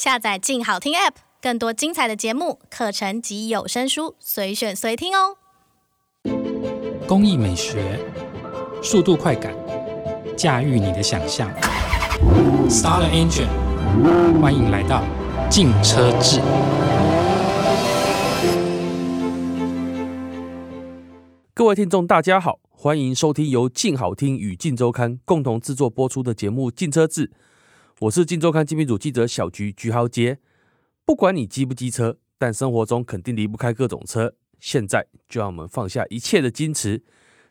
下載“靜好聽 ”App，更多精彩的節目、課程及有聲書，隨選隨聽哦。工藝美學，速度快感，駕馭你的想象。 Star Engine，歡迎來到《靜車誌》。各位聽眾，大家好，歡迎收聽由“靜好聽”與《靜週刊》共同製作播出的節目《靜車誌》。我是金週刊金評組記者小菊，菊浩街。不管你機不機車，但生活中肯定離不開各種車。現在就讓我們放下一切的矜持，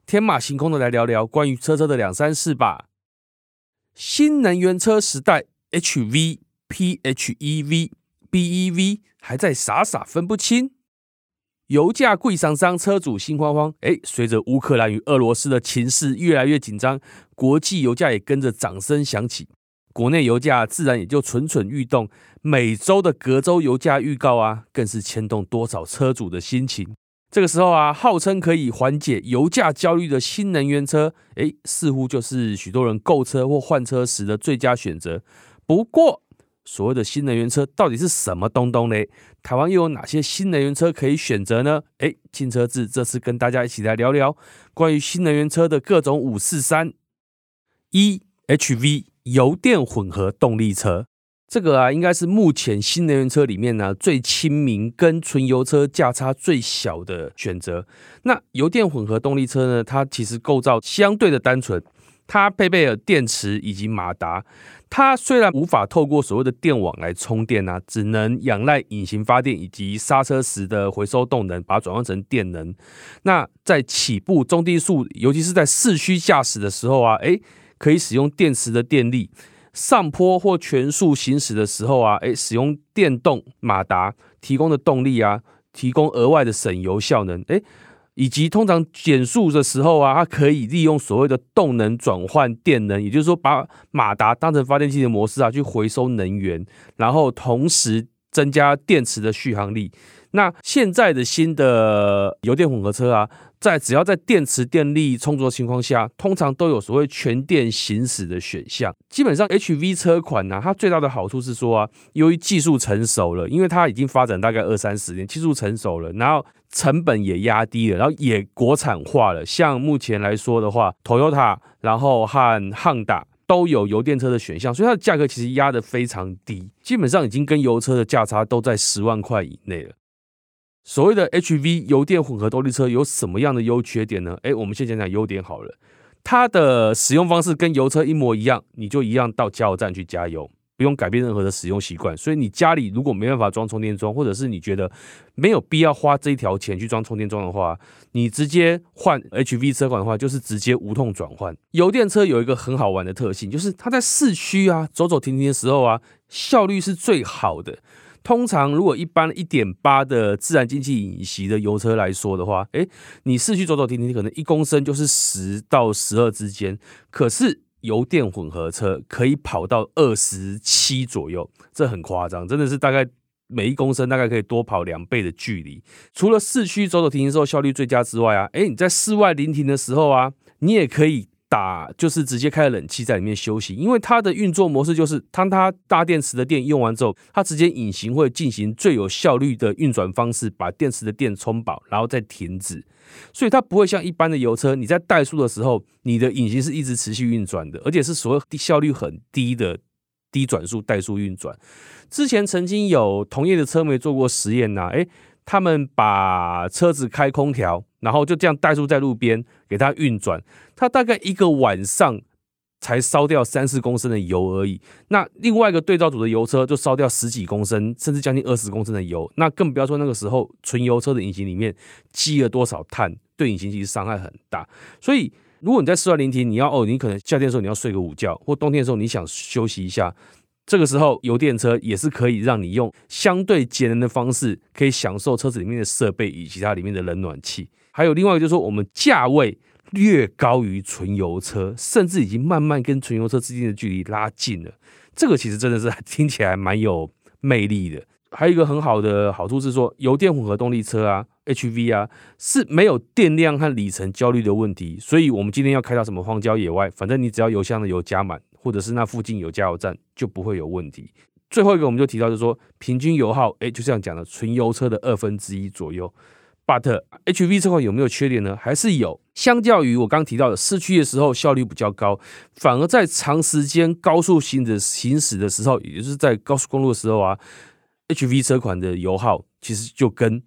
天馬行空的來聊聊關於車車的兩三事吧。新能源車時代，HV、PHEV、BEV 還在傻傻分不清。油價貴桑桑，車主心慌慌。誒，隨着烏克蘭與俄羅斯的情勢越來越緊張，國際油價也跟着掌聲響起。國內油價自然也就蠢蠢欲動，每周的隔周油價預告啊，更是牽動多少車主的心情。這個時候啊，號稱可以緩解油價焦慮的新能源車，哎，似乎就是許多人購車或換車時的最佳選擇。不過，所謂的新能源車到底是什麼東東呢？台灣又有哪些新能源車可以選擇呢？哎，進車志這次跟大家一起來聊聊關於新能源車的各種五四三一 HV。油電混合動力車，這個啊，應該是目前新能源車裡面呢、啊、最親民、跟純油車價差最小的選擇。那油電混合動力車呢，它其實構造相對的單純，它配備了電池以及馬達。它雖然無法透過所謂的電網來充電啊，只能仰賴引擎發電以及剎車時的回收動能，把它轉換成電能。那在起步、中低速，尤其是在市區駕駛的時候啊，哎。可以使用電池的電力，上坡或全速行駛的時候啊，誒，使用電動馬達提供的動力啊，提供額外的省油效能，誒，以及通常減速的時候啊，它可以利用所謂的動能轉換電能，也就是說，把馬達當成發電機的模式啊，去回收能源，然後同時增加電池的續航力。那現在的新的油電混合車啊，在只要在電池電力充足的情況下，通常都有所謂全電行駛的選項。基本上 HV 車款呢、啊，它最大的好處是說啊，由於技術成熟了，因為它已經發展大概二三十年，技術成熟了，然後成本也壓低了，然後也國產化了。像目前來說的話，Toyota 然後和 Honda 都有油電車的選項，所以它的價格其實壓得非常低，基本上已經跟油車的價差都在十萬塊以內了。所謂的 H V 油電混合動力車有什麼樣的優缺點呢？欸，我們先講講優點好了。它的使用方式跟油車一模一樣，你就一樣到加油站去加油，不用改變任何的使用習慣。所以你家裡如果沒辦法裝充電樁，或者是你覺得沒有必要花這一條錢去裝充電樁的話，你直接換 H V 車款的話，就是直接無痛轉換。油電車有一個很好玩的特性，就是它在市區啊走走停停的時候啊，效率是最好的。通常，如果一般一點八的自然進氣引擎的油車來說的話，誒，你市區走走停停，可能一公升就是十到十二之間。可是油電混合車可以跑到二十七左右，這很誇張，真的是大概每一公升大概可以多跑兩倍的距離。除了市區走走停停的時候效率最佳之外啊，誒，你在室外臨停的時候啊，你也可以。打就是直接開冷氣在裡面休息，因為它的運作模式就是，當它大電池的電用完之後，它直接引擎會進行最有效率的運轉方式，把電池的電充飽，然後再停止。所以它不會像一般的油車，你在怠速的時候，你的引擎是一直持續運轉的，而且是所謂低效率很低的低轉速怠速運轉。之前曾經有同業的車媒做過實驗吶、啊，哎、欸。他們把車子開空調，然後就這樣怠速在路邊給它運轉，它大概一個晚上才燒掉三四公升的油而已。那另外一個對照組的油車就燒掉十幾公升，甚至將近二十公升的油。那更不要說那個時候純油車的引擎裡面積了多少碳，對引擎其實傷害很大。所以，如果你在室外聆停，你要哦，你可能夏天的時候你要睡個午覺，或冬天的時候你想休息一下。這個時候，油電車也是可以讓你用相對節能的方式，可以享受車子裡面的設備以及其他裡面的冷暖氣。還有另外一個就是說，我們價位略高於純油車，甚至已經慢慢跟純油車之間的距離拉近了。這個其實真的是聽起來蠻有魅力的。還有一個很好的好處是說，油電混合動力車啊，HV 啊，是沒有電量和里程焦慮的問題。所以我們今天要開到什麼荒郊野外，反正你只要油箱的油加滿，或者是那附近有加油站就不會有問題。最後一個我們就提到，就是說平均油耗，哎，就這樣講的，純油車的二分之一左右。But HV 車款有沒有缺點呢？還是有。相較於我剛提到的市區的時候效率比較高，反而在長時間高速行的行駛的時候，也就是在高速公路的時候啊，HV 車款的油耗其實就跟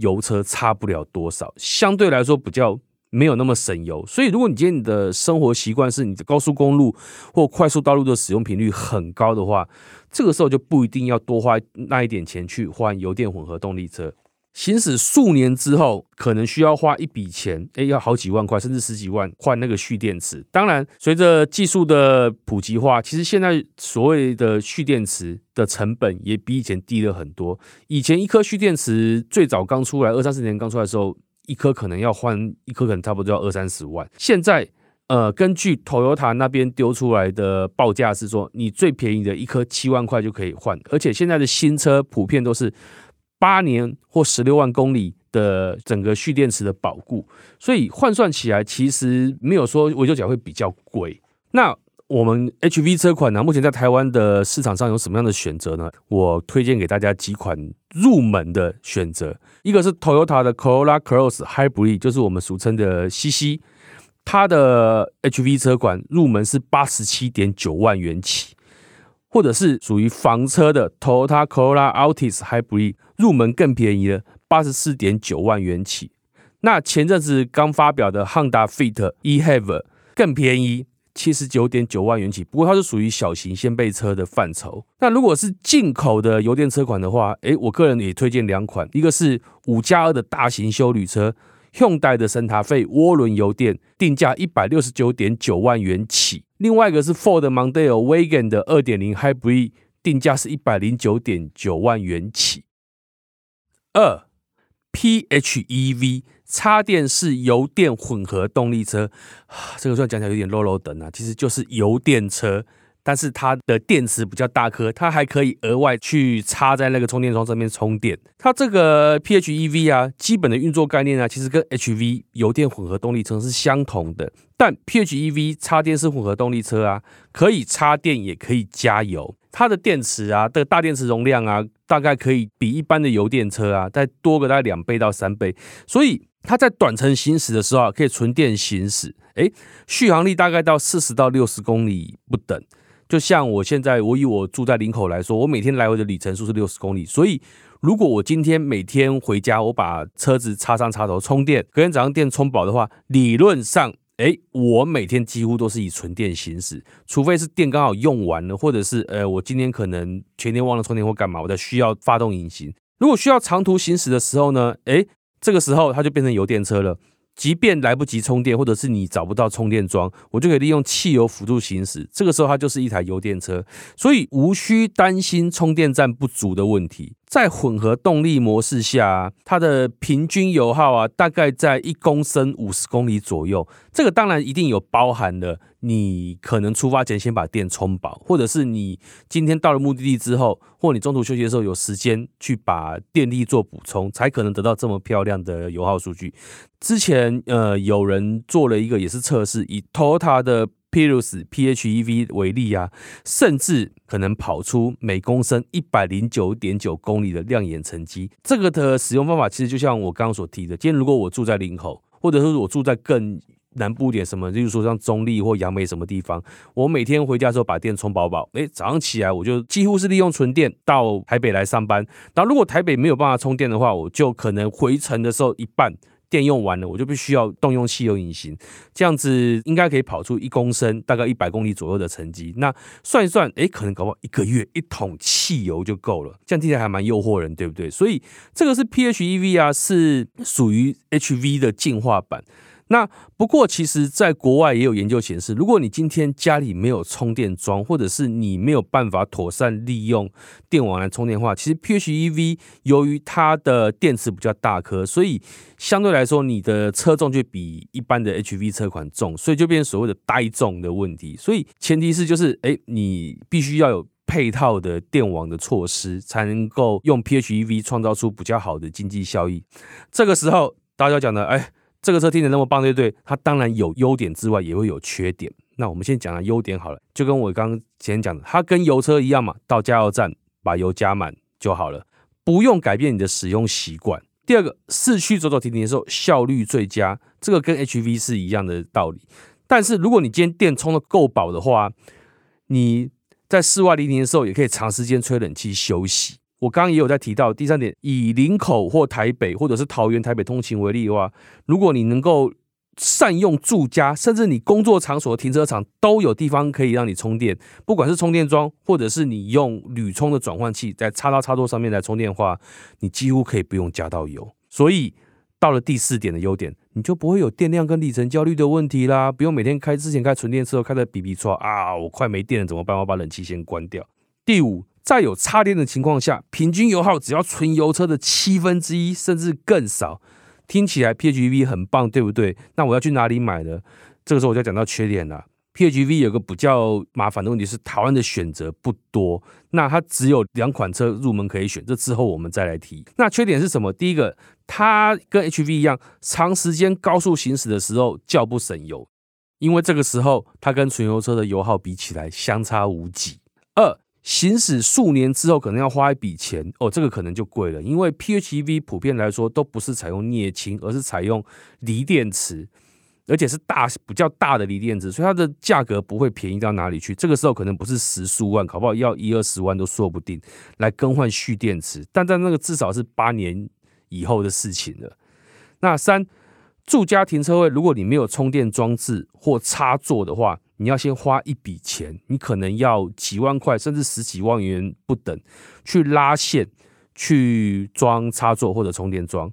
油車差不了多少，相對來說比較。沒有那麼省油，所以如果你今天你的生活習慣是你的高速公路或快速道路的使用頻率很高的話，這個時候就不一定要多花那一點錢去換油電混合動力車。行駛數年之後，可能需要花一筆錢，誒，要好幾萬塊，甚至十幾萬換那個蓄電池。當然，隨着技術的普及化，其實現在所謂的蓄電池的成本也比以前低了很多。以前一顆蓄電池最早剛出來，二三十年剛出來的時候。一顆可能要換一顆，可能差不多要二三十萬。現在，呃，根據 Toyota 那邊丢出來的報價是說，你最便宜的一顆七萬塊就可以換，而且現在的新車普遍都是八年或十六萬公里的整個蓄電池的保固，所以換算起來其實沒有說維修起來會比較貴。那我們 HV 車款呢、啊，目前在台灣的市場上有什麼樣的選擇呢？我推薦給大家幾款入門的選擇，一個是 Toyota 的 Corolla Cross Hybrid，就是我們俗稱的 CC，它的 HV 車款入門是八十七點九萬元起，或者是屬於房車的 Toyota Corolla Altis Hybrid，入門更便宜的八十四點九萬元起。那前陣子剛發表的 Honda Fit e-HEV 更便宜。七十九點九萬元起，不過它是屬於小型掀背車的範疇。那如果是進口的油電車款的話，誒，我個人也推薦兩款，一個是五加二的大型休旅車，Hyundai 的聖塔菲渦輪油電，定價一百六十九點九萬元起；另外一個是 Ford Mondeo Wagon 的二點零 Hybrid，定價是一百零九點九萬元起。二 PHEV。插電式油電混合動力車，這個雖然講起來有點 low low 等啊，其實就是油電車，但是它的電池比較大顆，它還可以額外去插在那個充電樁上面充電。它這個 PHEV 啊，基本的運作概念啊，其實跟 HV 油電混合動力車是相同的。但 PHEV 插電式混合動力車啊，可以插電也可以加油，它的電池啊，這個大電池容量啊，大概可以比一般的油電車啊，再多個大概兩倍到三倍，所以。它在短程行駛的時候啊，可以純電行駛，哎，續航力大概到四十到六十公里不等。就像我現在，我以我住在林口來說，我每天來回的里程數是六十公里。所以，如果我今天每天回家，我把車子插上插頭充電，隔天早上電充飽的話，理論上、欸，哎，我每天幾乎都是以純電行駛，除非是電剛好用完了，或者是呃、欸，我今天可能前天忘了充電或幹嘛，我在需要發動引擎。如果需要長途行駛的時候呢、欸，哎。這個時候，它就變成油電車了。即便來不及充電，或者是你找不到充電樁，我就可以利用汽油輔助行駛。這個時候，它就是一台油電車，所以無需擔心充電站不足的問題。在混合動力模式下，它的平均油耗啊，大概在一公升五十公里左右。這個當然一定有包含了你可能出發前先把電充飽，或者是你今天到了目的地之後，或你中途休息的時候有時間去把電力做補充，才可能得到這麼漂亮的油耗數據。之前呃，有人做了一個也是測試，以 Toyota 的。Prius PHEV 為例啊，甚至可能跑出每公升一百零九點九公里的亮眼成績。這個的使用方法其實就像我剛剛所提的，今天如果我住在林口，或者說我住在更南部一點，什麼，例如說像中壢或楊梅什麼地方，我每天回家的時候把電充飽飽，誒，早上起來我就幾乎是利用純電到台北來上班。那如果台北沒有辦法充電的話，我就可能回程的時候一半。電用完了，我就必須要動用汽油引擎，這樣子應該可以跑出一公升大概一百公里左右的成績。那算一算，哎、欸，可能搞不好一個月一桶汽油就夠了，這樣聽起來還蠻誘惑人，對不對？所以這個是 PHEV 啊，是屬於 HV 的進化版。那不過，其實在國外也有研究顯示，如果你今天家裡沒有充電樁，或者是你沒有辦法妥善利用電網來充電的話，其實 PHEV 由於它的電池比較大顆，所以相對來說你的車重就比一般的 HV 車款重，所以就變成所謂的呆重的問題。所以前提是就是，哎，你必須要有配套的電網的措施，才能夠用 PHEV 創造出比較好的經濟效益。這個時候大家講的，哎。這個車聽得那麼棒，對不對？它當然有優點之外，也會有缺點。那我們先講它優點好了，就跟我剛剛前講的，它跟油車一樣嘛，到加油站把油加滿就好了，不用改變你的使用習慣。第二個，市區走走停停的時候效率最佳，這個跟 H V 是一樣的道理。但是如果你今天電充的夠飽的話，你在室外停停的時候，也可以長時間吹冷氣休息。我剛剛也有在提到第三點，以林口或台北或者是桃園台北通勤為例的話，如果你能夠善用住家，甚至你工作場所停車場都有地方可以讓你充電，不管是充電樁或者是你用旅充的轉換器在插到插座上面來充電的話，你幾乎可以不用加到油。所以到了第四點的優點，你就不會有電量跟里程焦慮的問題啦，不用每天開之前開純電車後開的比比錯啊，我快沒電了怎麼辦？我把冷氣先關掉。第五。在有插電的情況下，平均油耗只要純油車的七分之一，甚至更少。聽起來 PHEV 很棒，對不對？那我要去哪裡買呢？這個時候我就要講到缺點了。PHEV 有個比較麻煩的問題是，台灣的選擇不多。那它只有兩款車入門可以選，這之後我們再來提。那缺點是什麼？第一個，它跟 HV 一樣，長時間高速行駛的時候較不省油，因為這個時候它跟純油車的油耗比起來相差無幾。二，行駛數年之後，可能要花一筆錢哦，這個可能就貴了。因為 PHEV 普遍來說都不是採用鎳氫，而是採用鋰電池，而且是大比較大的鋰電池，所以它的價格不會便宜到哪裡去。這個時候可能不是十數萬，搞不好要一二十萬都說不定來更換蓄電池。但在那個至少是八年以後的事情了。那三，住家停車位，如果你沒有充電裝置或插座的話。你要先花一筆錢，你可能要幾萬塊，甚至十幾萬元不等，去拉線、去裝插座或者充電樁。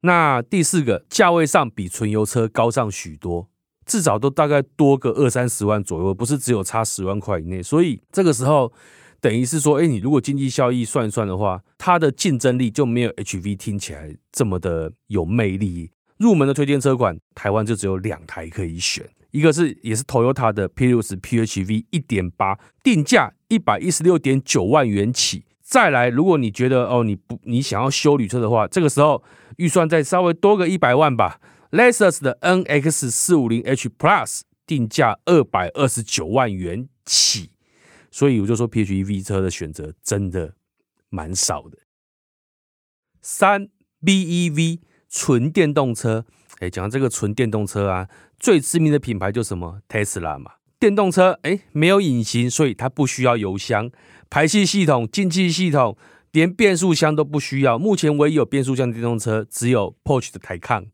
那第四個，價位上比純油車高上許多，至少都大概多個二三十萬左右，不是只有差十萬塊以內。所以這個時候，等於是說，欸，你如果經濟效益算一算的話，它的競爭力就沒有 HV 聽起來這麼的有魅力，欸。入門的推薦車款，台灣就只有兩台可以選。一個是也是 Toyota 的 Prius PHEV 一點八，定價一百一十六點九萬元起。再來，如果你覺得哦你不你想要修旅車的話，這個時候預算再稍微多個一百萬吧。Lexus 的 NX 四五零 H Plus 定價二百二十九萬元起。所以我就說 PHEV 車的選擇真的蠻少的。三 BEV 純電動車，哎、欸，講到這個純電動車啊。最知名的品牌就是什麼 Tesla 嘛，電動車、欸，沒有引擎，所以它不需要油箱、排氣系統、進氣系統，連變速箱都不需要。目前唯一有變速箱的電動車只有 Porsche 的台康，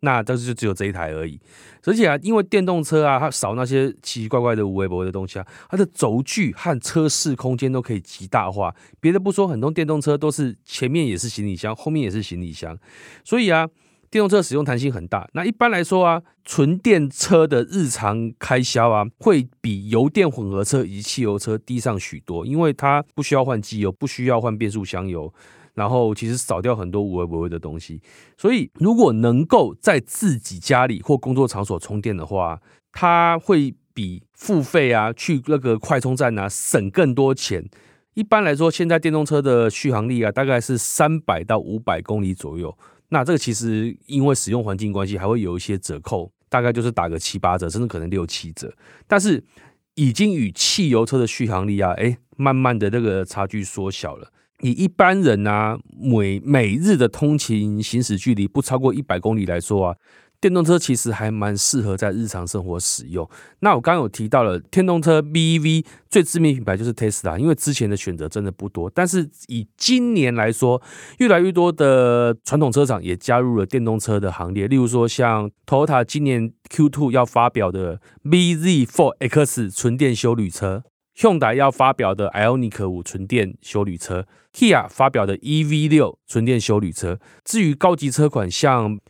那當時就只有這一台而已。而且啊，因為電動車啊，它少那些奇奇怪怪的無微博的東西啊，它的軸距和車室空間都可以極大化。別的不說，很多電動車都是前面也是行李箱，後面也是行李箱，所以啊。電動車使用彈性很大，那一般來說啊，純電車的日常開銷啊，會比油電混合車以及汽油車低上許多，因為它不需要換機油，不需要換變速箱油，然後其實少掉很多無謂、無謂的東西。所以如果能夠在自己家裡或工作場所充電的話，它會比付費啊去那個快充站啊省更多錢。一般來說，現在電動車的續航力啊，大概是三百到五百公里左右。那這個其實因為使用環境關係，還會有一些折扣，大概就是打個七八折，甚至可能六七折。但是，已經與汽油車的續航力啊，哎、欸，慢慢的這個差距縮小了。以一般人啊，每每日的通勤行駛距離不超過一百公里來說啊。電動車其實還蠻適合在日常生活使用。那我剛剛有提到了，電動車 B E V 最知名品牌就是 Tesla，因為之前的選擇真的不多。但是以今年來說，越來越多的傳統車廠也加入了電動車的行列。例如說，像 Toyota 今年 Q Two 要發表的 B Z Four X 純電休旅車，Hyundai 要發表的 Ioniq 五純電休旅車，Kia 發表的 E V 六純電休旅車。至於高級車款，像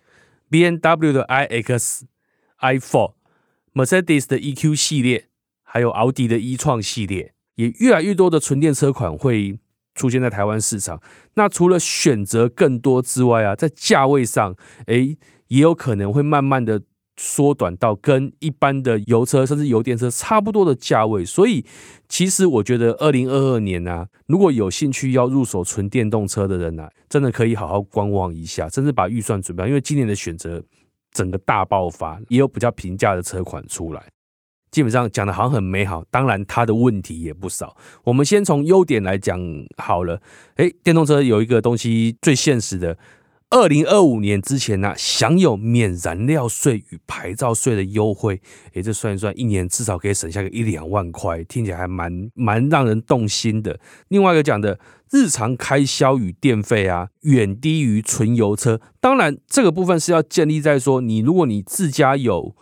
BMW 的 iX, iX、i4、Mercedes 的 EQ 系列，還有奧迪的 e-tron 系列，也越來越多的純電車款會出現在台灣市場。那除了選擇更多之外啊，在價位上，誒，也有可能會慢慢的。縮短到跟一般的油車甚至油電車差不多的價位，所以其實我覺得二零二二年啊，如果有興趣要入手純電動車的人呢、啊，真的可以好好觀望一下，甚至把預算準備好，因為今年的選擇整個大爆發，也有比較平價的車款出來。基本上講的好像很美好，當然它的問題也不少。我們先從優點來講好了，哎，電動車有一個東西最現實的。二零二五年之前呢、啊，享有免燃料稅與牌照稅的優惠，哎，這算一算，一年至少可以省下個一兩萬塊，聽起來還蠻蠻讓人動心的。另外一個講的，日常開銷與電費啊，遠低於純油車。當然，這個部分是要建立在說，你如果你自家有。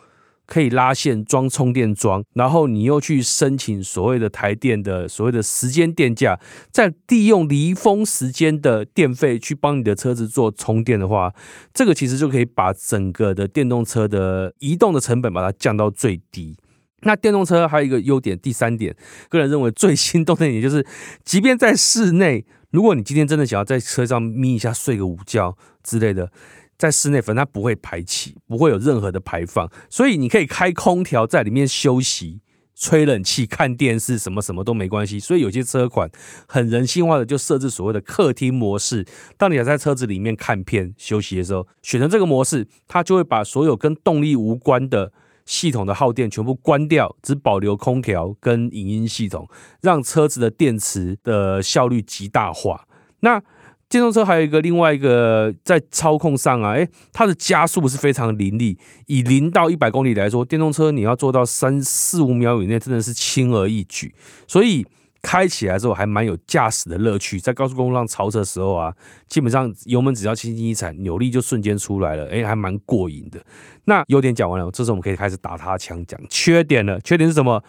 可以拉線裝充電樁，然後你又去申請所謂的台電的所謂的時間電價，再利用離峰時間的電費去幫你的車子做充電的話，這個其實就可以把整個的電動車的移動的成本把它降到最低。那電動車還有一個優點，第三點，個人認為最心動的一點，就是即便在室內，如果你今天真的想要在車上眯一下、睡個午覺之類的。在室內，反正它不會排氣，不會有任何的排放，所以你可以開空調在裡面休息、吹冷氣、看電視，什麼什麼都沒關係。所以有些車款很人性化的就設置所謂的客廳模式，當你要在車子裡面看片休息的時候，選擇這個模式，它就會把所有跟動力無關的系統的耗電全部關掉，只保留空調跟影音系統，讓車子的電池的效率極大化。那電動車還有一個另外一個在操控上啊，誒，它的加速是非常的凌厲。以零到一百公里來說，電動車你要做到三四五秒以內，真的是輕而易舉。所以開起來之後還蠻有駕駛的樂趣。在高速公路上超車的時候啊，基本上油門只要輕輕一踩，扭力就瞬間出來了，誒，還蠻過癮的。那優點講完了，這時候我們可以開始打他槍講缺點了。缺點是什麼？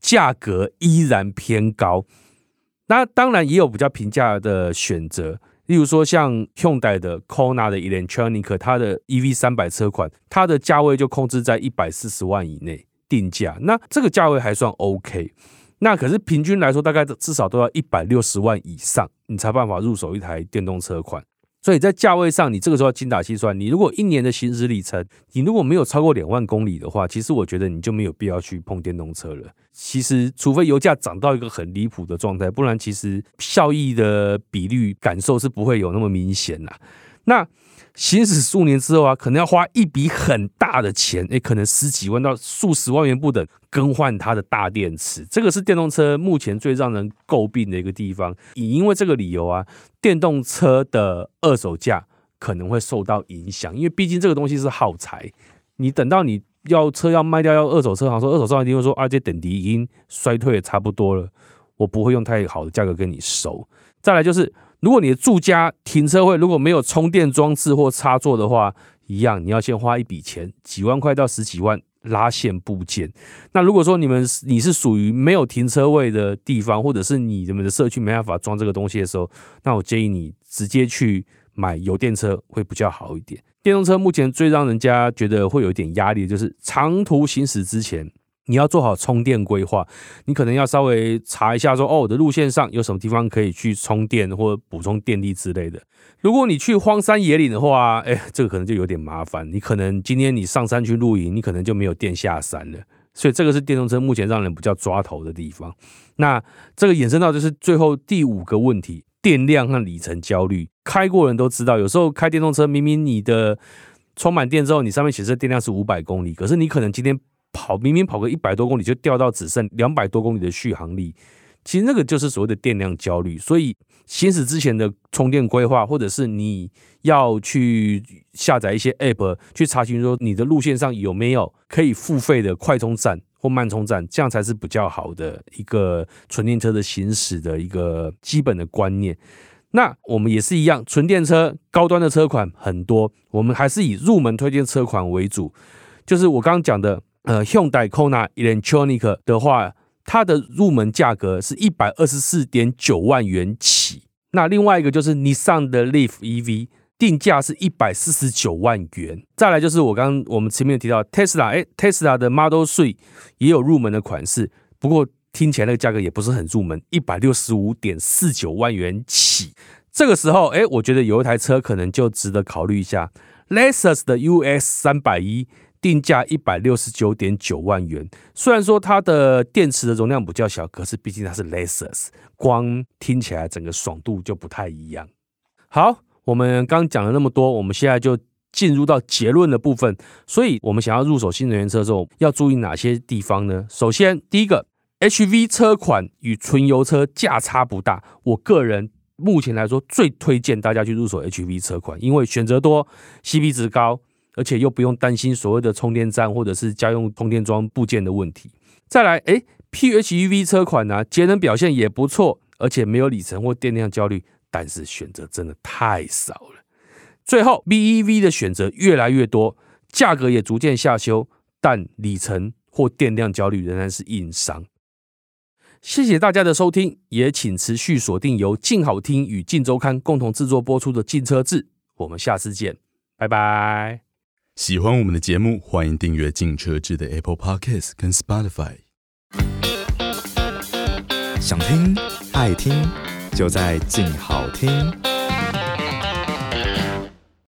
價格依然偏高。那當然也有比較平價的選擇。例如說，像 Hyundai 的、KONA 的、e、Electronic 它的 EV 三百車款，它的價位就控制在一百四十萬以內定價，那這個價位還算 OK。那可是平均來說，大概至少都要一百六十萬以上，你才辦法入手一台電動車款。所以在價位上，你這個時候要精打細算。你如果一年的行駛里程，你如果沒有超過兩萬公里的話，其實我覺得你就沒有必要去碰電動車了。其實，除非油價漲到一個很離譜的狀態，不然其實效益的比率感受是不會有那麼明顯啦。那行駛數年之後啊，可能要花一筆很大的錢，哎，可能十幾萬到數十萬元不等，更換它的大電池。這個是電動車目前最讓人詬病的一個地方。也因為這個理由啊，電動車的二手價可能會受到影響，因為畢竟這個東西是耗材。你等到你要車要賣掉，要二手車行說，二手商一定會說：“啊，這等級已經衰退的差不多了，我不會用太好的價格跟你收。”再來就是。如果你的住家停車位如果沒有充電裝置或插座的話，一樣你要先花一筆錢，幾萬塊到十幾萬拉線部件。那如果說你們你是屬於沒有停車位的地方，或者是你們的社區沒辦法裝這個東西的時候，那我建議你直接去買油電車會比較好一點。電動車目前最讓人家覺得會有一點壓力的就是長途行駛之前，你要做好充電規劃，你可能要稍微查一下，說哦，我的路線上有什麼地方可以去充電或補充電力之類的。如果你去荒山野嶺的話，哎，這個可能就有點麻煩。你可能今天你上山去露營，你可能就沒有電下山了。所以這個是電動車目前讓人比較抓頭的地方。那這個衍生到就是最後第五個問題：電量和里程焦慮。開過的人都知道，有時候開電動車，明明你的充滿電之後，你上面顯示的電量是五百公里，可是你可能今天，跑明明跑個一百多公里就掉到只剩兩百多公里的續航力，其實那個就是所謂的電量焦慮。所以行駛之前的充電規劃，或者是你要去下載一些 App 去查詢說，你的路線上有沒有可以付費的快充站或慢充站，這樣才是比較好的一個純電車的行駛的一個基本的觀念。那我們也是一樣，純電車高端的車款很多，我們還是以入門推薦車款為主，就是我剛剛講的。呃，Hyundai Kona Electronic 的話，它的入門價格是一百二十四點九萬元起。那另外一個就是 Nissan 的 Leaf EV 定價是一百四十九萬元。再來就是我剛,剛我們前面提到 Tesla，哎，Tesla 的 Model three 也有入門的款式，不過聽起來那個價格也不是很入門，一百六十五點四九萬元起。這個時候，哎，我覺得有一台車可能就值得考慮一下，Lexus 的 US 三百一。定價一百六十九點九萬元，雖然說它的電池的容量比較小，可是畢竟它是 Lexus，光聽起來整個爽度就不太一樣。好，我們剛講了那麼多，我們現在就進入到結論的部分。所以，我們想要入手新能源車，這種要注意哪些地方呢？首先，第一個，HV 車款與純油車價差不大，我個人目前來說最推薦大家去入手 HV 車款，因為選擇多，CP 值高。而且又不用擔心所謂的充電站或者是家用充電樁部件的問題。再來，哎、欸、，PHEV 車款呢、啊，節能表現也不錯，而且沒有里程或電量焦慮，但是選擇真的太少了。最後，BEV 的選擇越來越多，價格也逐漸下修，但里程或電量焦慮仍然是硬傷。謝謝大家的收聽，也請持續鎖定由靜好聽與靜週刊共同制作播出的《靜車誌》，我們下次見，拜拜。喜歡我們的節目，歡迎訂閱鏡車誌的 Apple Podcast 跟 Spotify。想聽愛聽，就在鏡好聽。